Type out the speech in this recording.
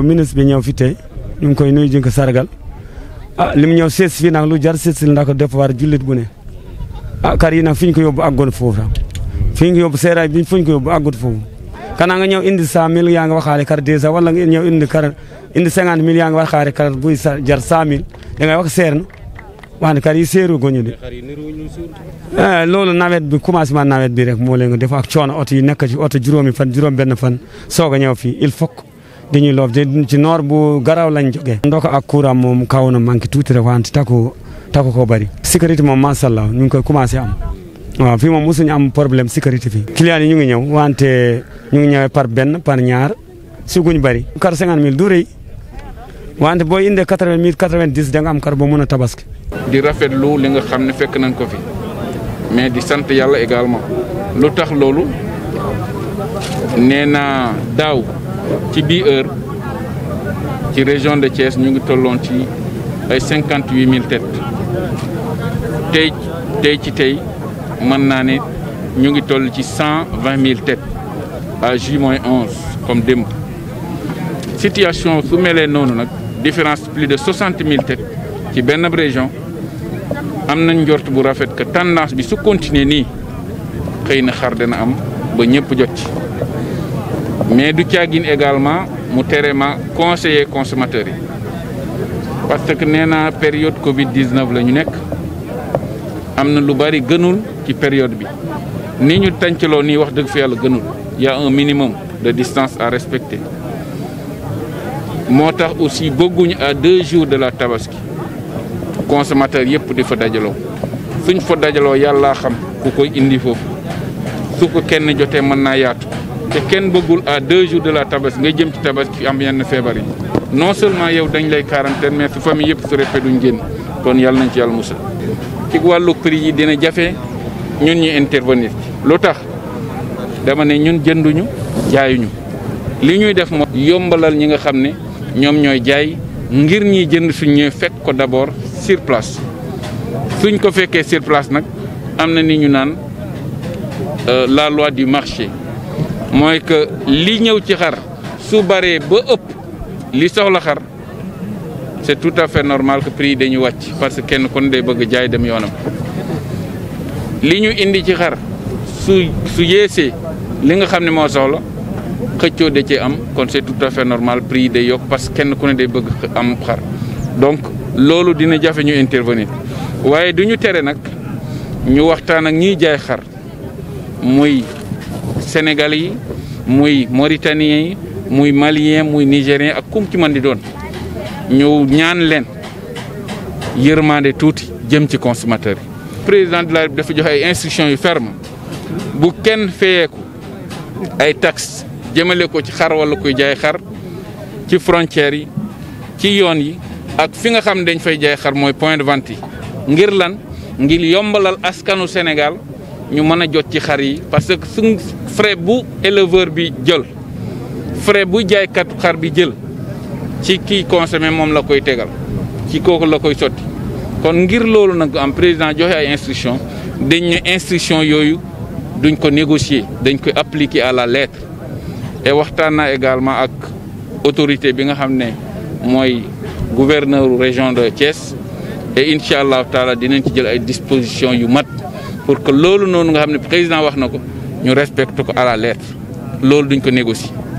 ba ministre bi ñëw fi tey ñu ngi koy nuyu di ko sargal ah li mu ñëw sees fii nag lu jar sees ndax ko defar jullit bu ne ah kar yi nag fi ko ko yóbbu àggoon foofu fi ñu ko yóbbu seeraay bi fi ñu ko yóbbu àggut foofu kanaa nga ñëw indi cent mille yaa nga waxaale kar deux cent wala nga ñëw indi kar indi cinquante mille yaa nga waxaale kar buy jar cent mille da ngay wax seer na waane kar yi seeru goñu de eh, loolu nawet bi commencement nawet bi rek moo leen ko def ak coono oto yi nekk ci oto fan juróom benn fan dañuy lof ci nord bu garaw lañ jógee ndoko ak kura mom kawna na manqué tuuti rek wante takku takku ko bari sécurité moom masallah ñu ngi koy commencé am wa fi mom musuñ am problème sécurité fi client ñu ngi ñew wante ñu ngi par ben par ñaar suguñ bari kar sengan du reuy wante boy indee 80000 mille 90 da nga am kar bo mën tabaski di rafetlu li nga xam fekk nañ ko fi mais di sante yalla également lutax lolu daw Dans la région de Thiès nous avons 58 000 têtes tay tay ci tay man naa 120 000 têtes à J-11 comme La situation est très différente. nag différence plus de 60 000 têtes dans la région Nous avons fait bu que tendance de su continuer à faire des choses. dana am ba mais du caagin également mu tere conseiller consommateurs parce que nee naa période Covid 19 la ñu nekk am na lu bari gënul ci période bi ni ñu tàncaloo nii wax dëgg fi y a un minimum de distance à respecter moo aussi beaucoup à deux jours de la tabaski consommateurs yëpp di fa dajaloo suñ fa dajaloo yàlla xam ku koy indi foofu su ko kenn jotee mën naa te kenn bëggul à deux jours de la tabaski nga jëm ci fi am yenn feebar yi non seulement yow dañ lay quarantaine mais fi famille yëpp su répé duñ génn kon yàlla nañ ci yàlla musa ci wàllu prix yi dina jafe ñun ñu intervenir lu tax dama ne ñun jënduñu jaayuñu li ñuy def moom yombalal ñi nga xam ne ñoom ñooy jaay ngir ñi jënd suñ ñëwee fekk ko d'abord sur place suñ ko fekkee sur place nag am na ni ñu naan euh, la loi du marché mooy que li ñëw ci xar su baree ba ëpp li soxla xar c'est tout à fait normal que prix yi dañu wàcc parce que kenn kon day bëgg jaay dem yoonam li ñu indi ci xar su su yeesee li nga xam ne moo soxla xëccoo da ci am kon c'est tout normal prix yi day yokk parce que kenn ku ne day bëgg am xar donc loolu dina jafe ñu intervenir waaye du ñu tere nag ñu waxtaan ak ñiy jaay xar muy. sénégalais yi muy mauritanien yi muy malien muy nigérien ak kum ci man di doon ñu ñaan leen yermandé touti jëm ci consommateur président de la république dafa joxe instruction yu ferme bu kenn feyeeku ay taxe jëmele ko ci xar wala koy jaay xar ci frontière yi ci yoon yi ak fi nga xam dañ fay jaay xar moy point de vente ngir lan ngir yombalal askanu sénégal ñu mëna jot ci xari parce que suñ frais bu éleveur bi jël frais bu kat xar bi jël ci ki consommé mom la koy tégal ci koku la koy soti kon ngir lolu nak am président joxe ay instruction dañ ñu instruction yoyu duñ ko négocier dañ koy appliquer à la lettre et waxtaan également ak autorité bi nga xamné moy gouverneur région de Thiès et inshallah allah taala dinañ ci jël ay dispositions yu mat pour que loolu noonu nga xam ne président wax na ko ñu respecte ko à la loolu duñ ko négocier.